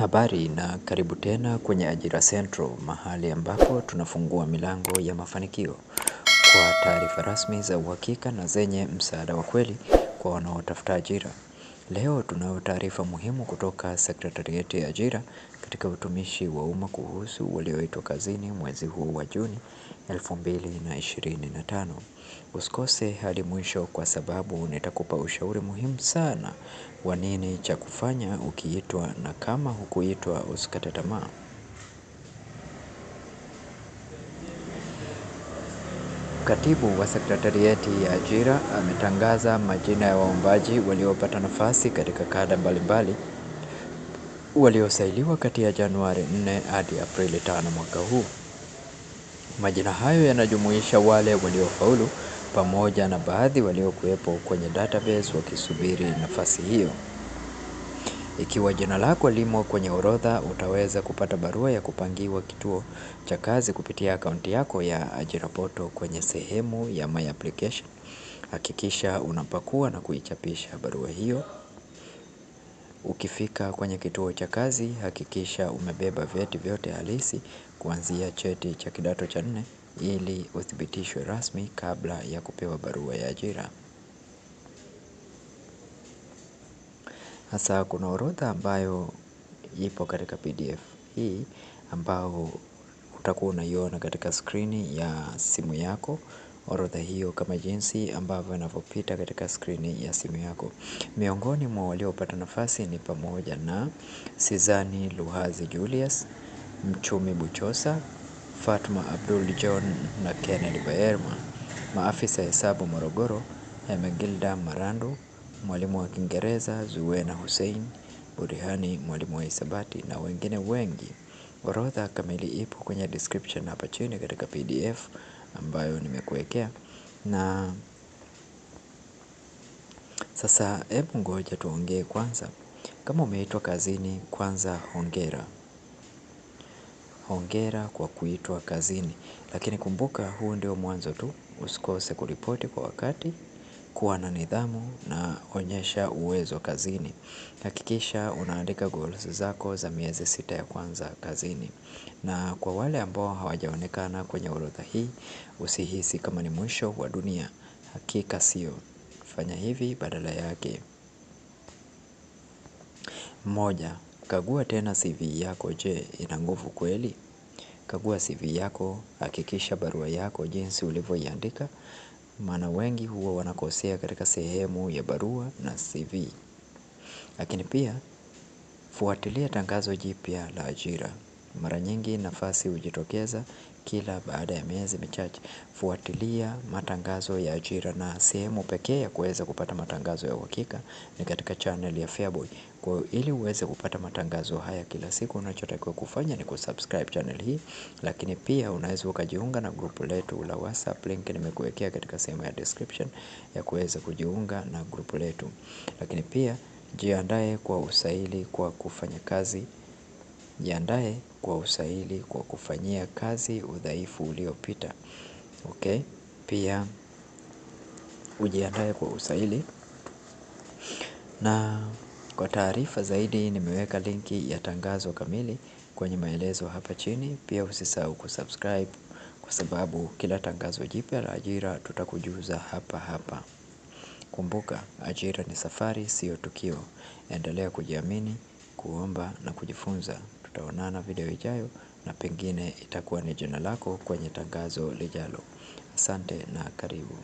Habari na karibu tena kwenye Ajira Central, mahali ambapo tunafungua milango ya mafanikio kwa taarifa rasmi za uhakika na zenye msaada wa kweli kwa wanaotafuta ajira. Leo tunao taarifa muhimu kutoka sekretarieti ya ajira katika utumishi wa umma kuhusu walioitwa kazini mwezi huu wa Juni 2025. Usikose hadi mwisho kwa sababu nitakupa ushauri muhimu sana wa nini cha kufanya ukiitwa na kama hukuitwa usikate tamaa. Katibu wa Sekretarieti ya Ajira ametangaza majina ya waombaji waliopata nafasi katika kada mbalimbali waliosailiwa kati ya Januari 4 hadi Aprili 5 mwaka huu. Majina hayo yanajumuisha wale waliofaulu pamoja na baadhi waliokuwepo kwenye database wakisubiri nafasi hiyo. Ikiwa jina lako limo kwenye orodha, utaweza kupata barua ya kupangiwa kituo cha kazi kupitia akaunti yako ya Ajira Portal kwenye sehemu ya My Application. Hakikisha unapakua na kuichapisha barua hiyo. Ukifika kwenye kituo cha kazi, hakikisha umebeba vyeti vyote halisi kuanzia cheti cha kidato cha nne ili uthibitishwe rasmi kabla ya kupewa barua ya ajira. Hasa kuna orodha ambayo ipo katika PDF hii ambao utakuwa unaiona katika skrini ya simu yako orodha hiyo kama jinsi ambavyo inavyopita katika skrini ya simu yako. Miongoni mwa waliopata nafasi ni pamoja na Sizani Luhazi Julius, Mchumi Buchosa, Fatma Abdul John na Kennedy Bayerma. Maafisa hesabu Morogoro, Emegilda Marandu, mwalimu wa Kiingereza Zuena Hussein, Burihani mwalimu wa hisabati na wengine wengi. Orodha kamili ipo kwenye description hapa chini katika PDF ambayo nimekuwekea na sasa hebu ngoja tuongee kwanza. Kama umeitwa kazini, kwanza hongera. Hongera kwa kuitwa kazini, lakini kumbuka, huu ndio mwanzo tu. Usikose kuripoti kwa wakati kuwa na nidhamu na onyesha uwezo kazini. Hakikisha unaandika goals zako za miezi sita ya kwanza kazini. Na kwa wale ambao hawajaonekana kwenye orodha hii, usihisi kama ni mwisho wa dunia. Hakika sio, fanya hivi badala yake. Moja, kagua tena CV yako je ina nguvu kweli? Kagua CV yako, hakikisha barua yako jinsi ulivyoiandika maana wengi huwa wanakosea katika sehemu ya barua na CV. Lakini pia fuatilia tangazo jipya la ajira. Mara nyingi nafasi hujitokeza kila baada ya miezi michache. Fuatilia matangazo ya ajira na sehemu pekee ya kuweza kupata matangazo ya uhakika ni katika channel ya Feaboy. Kwa ili uweze kupata matangazo haya kila siku unachotakiwa kufanya ni kusubscribe channel hii. Lakini pia unaweza ukajiunga na grupu letu la WhatsApp link nimekuwekea katika sehemu ya description ya kuweza kujiunga na grupu letu. Lakini pia jiandae kwa usaili kwa kufanya kazi. Jiandae kwa usaili kwa kufanyia kazi udhaifu uliopita. Okay, pia ujiandae kwa usaili na kwa taarifa zaidi nimeweka linki ya tangazo kamili kwenye maelezo hapa chini. Pia usisahau kusubscribe kwa sababu kila tangazo jipya la ajira tutakujuza hapa hapa. Kumbuka ajira ni safari sio tukio. Endelea kujiamini, kuomba na kujifunza. Tutaonana video ijayo na pengine itakuwa ni jina lako kwenye tangazo lijalo. Asante na karibu.